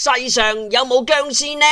世上有冇僵屍呢？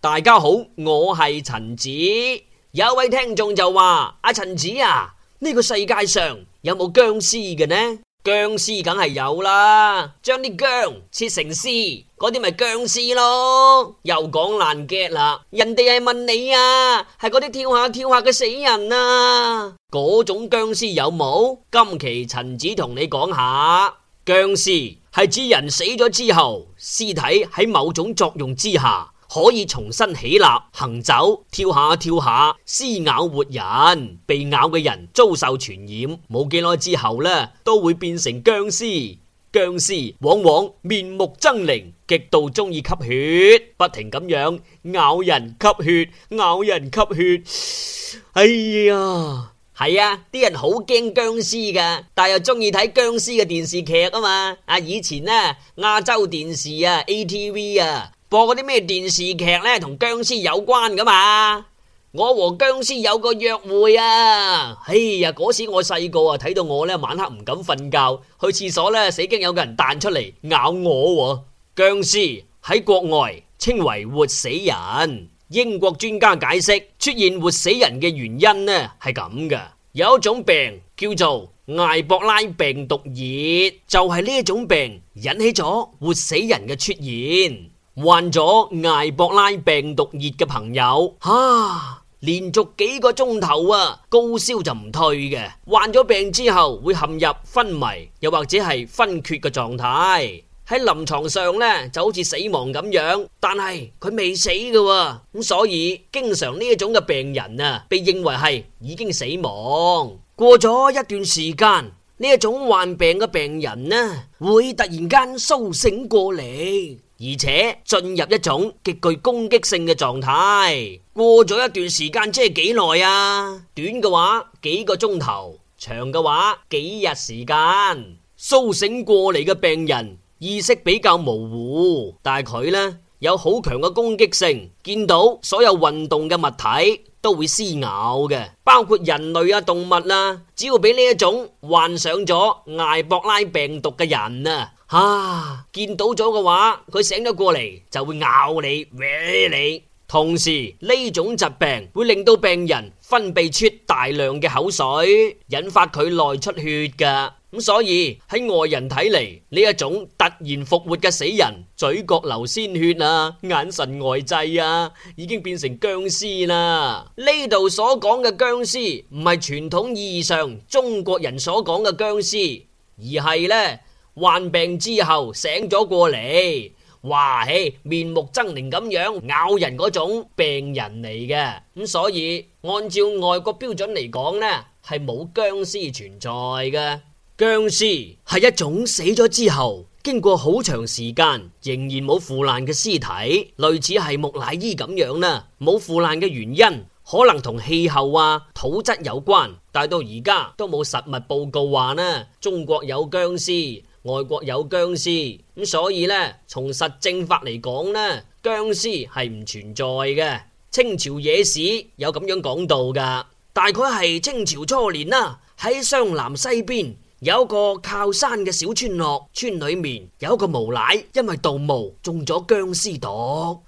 大家好，我係陳子。有一位聽眾就話：阿、啊、陳子啊，呢、這個世界上有冇僵屍嘅呢？僵屍梗係有啦，將啲薑切成絲，嗰啲咪僵屍咯。又講爛腳啦，人哋係問你啊，係嗰啲跳下跳下嘅死人啊，嗰種僵屍有冇？今期陳子同你講下僵屍。係指人死咗之後，屍體喺某種作用之下可以重新起立行走，跳下跳下，撕咬活人，被咬嘅人遭受傳染，冇幾耐之後呢，都會變成僵屍。僵屍往往面目猙獰，極度鍾意吸血，不停咁樣咬人吸血，咬人吸血。哎呀！係啊，啲人好驚僵屍噶，但又中意睇僵屍嘅電視劇啊嘛。啊，以前呢、啊，亞洲電視啊 ATV 啊播嗰啲咩電視劇呢，同僵屍有關噶嘛。我和僵屍有個約會啊，哎呀嗰時我細個啊睇到我呢晚黑唔敢瞓覺，去廁所呢死驚有個人彈出嚟咬我喎、啊。僵屍喺國外稱為活死人。英國專家解釋出現活死人嘅原因呢係咁嘅，有一種病叫做埃博拉病毒熱，就係呢一種病引起咗活死人嘅出現。患咗埃博拉病毒熱嘅朋友，吓、啊，連續幾個鐘頭啊高燒就唔退嘅，患咗病之後會陷入昏迷，又或者係昏厥嘅狀態。喺臨床上咧就好似死亡咁樣，但係佢未死㗎，咁所以經常呢一種嘅病人啊，被認為係已經死亡。過咗一段時間，呢一種患病嘅病人呢，會突然間蘇醒過嚟，而且進入一種極具攻擊性嘅狀態。過咗一段時間，即係幾耐啊？短嘅話幾個鐘頭，長嘅話幾日時間。蘇醒過嚟嘅病人，意識比較模糊，但係佢呢有好強嘅攻擊性，見到所有運動嘅物體都會撕咬嘅，包括人類啊、動物啦、啊，只要俾呢一種患上咗埃博拉病毒嘅人啊，吓、啊、見到咗嘅話，佢醒咗過嚟就會咬你、喂、呃、你。同時呢種疾病會令到病人分泌出大量嘅口水，引發佢內出血噶。咁所以喺外人睇嚟，呢一種突然復活嘅死人，嘴角流鮮血啊，眼神呆滯啊，已經變成僵屍啦。呢度所講嘅僵屍唔係傳統意義上中國人所講嘅僵屍，而係呢患病之後醒咗過嚟，哇，嘿面目猙獰咁樣咬人嗰種病人嚟嘅。咁所以按照外國標準嚟講呢，係冇僵屍存在嘅。僵屍係一種死咗之後經過好長時間仍然冇腐爛嘅屍體，類似係木乃伊咁樣啦。冇腐爛嘅原因可能同氣候啊、土質有關，但到而家都冇實物報告話呢，中國有僵屍，外國有僵屍，咁所以呢，從實證法嚟講呢，僵屍係唔存在嘅。清朝野史有咁樣講到噶，大概係清朝初年啦，喺湘南西邊。有一個靠山嘅小村落，村裏面有一個無賴，因為盜墓中咗僵屍毒，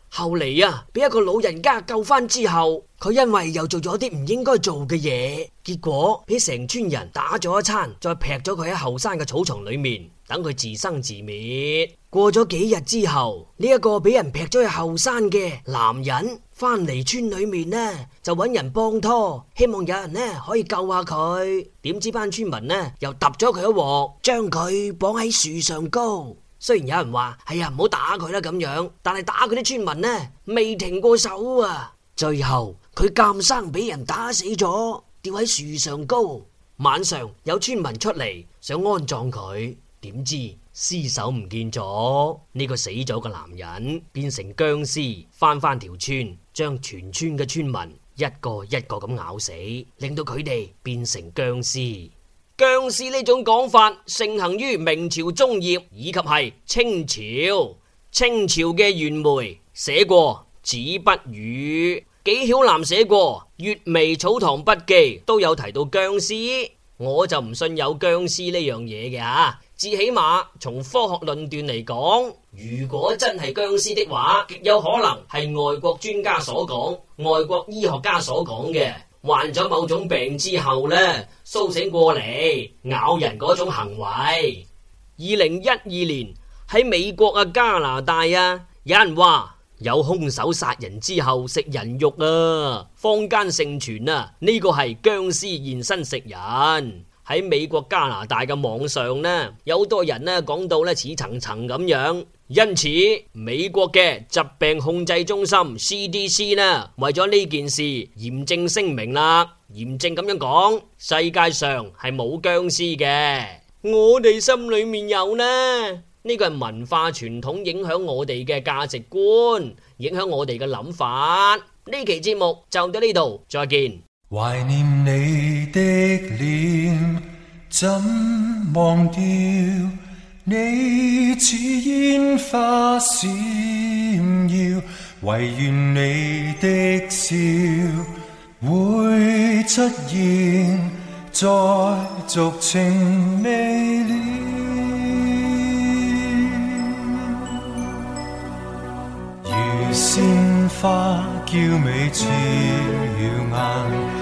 後嚟啊，俾一個老人家救返之後，佢因為又做咗啲唔應該做嘅嘢，結果俾成村人打咗一餐，再劈咗佢喺後山嘅草叢裏面。等佢自生自滅。過咗幾日之後，呢、這、一個俾人劈咗去後山嘅男人，翻嚟村裏面呢，就揾人幫拖，希望有人呢可以救下佢。點知班村民呢又揼咗佢一鑊，將佢綁喺樹上高。雖然有人話係、哎、呀，唔好打佢啦咁樣，但係打佢啲村民呢未停過手啊。最後佢艱生俾人打死咗，吊喺樹上高。晚上有村民出嚟想安葬佢。點知屍首唔見咗。呢、這個死咗嘅男人變成僵屍，翻翻條村，將全村嘅村民一個一個咁咬死，令到佢哋變成僵屍。僵屍呢種講法盛行於明朝中葉，以及係清朝。清朝嘅袁枚寫過《子不語》，紀曉嵐寫過《閱微草堂筆記》，都有提到僵屍。我就唔信有僵屍呢樣嘢嘅吓。至起碼從科學論斷嚟講，如果真係僵屍的話，極有可能係外國專家所講、外國醫學家所講嘅，患咗某種病之後呢蘇醒過嚟咬人嗰種行為。二零一二年喺美國啊、加拿大啊，有人話有凶手殺人之後食人肉啊，坊間盛傳啊，呢、呢個係僵屍現身食人。喺美國加拿大嘅網上呢，有好多人呢講到呢似層層咁樣，因此美國嘅疾病控制中心 CDC 呢，為咗呢件事嚴正聲明啦，嚴正咁樣講，世界上係冇殭屍嘅，我哋心裏面有呢，呢個係文化傳統影響我哋嘅價值觀，影響我哋嘅諗法。呢期節目就到呢度，再見。懷念你的臉，怎忘掉？你似煙花閃耀，唯願你的笑會出現，再續情未了。如鮮花嬌美似耀眼。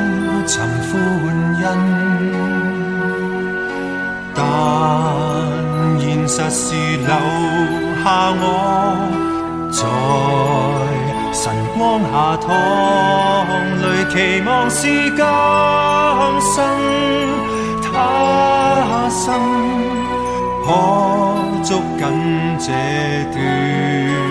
尋歡欣，但現實是留下我，在晨光下淌淚，淚期望是今生他生可捉緊這段。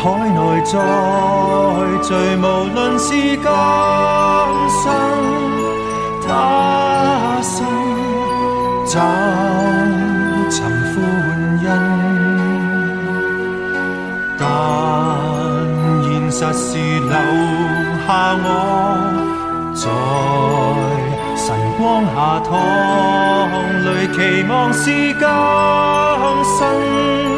海內再聚，無論是今生他生，找尋歡欣。但現實是留下我，在晨光下淌淚，期望是今生。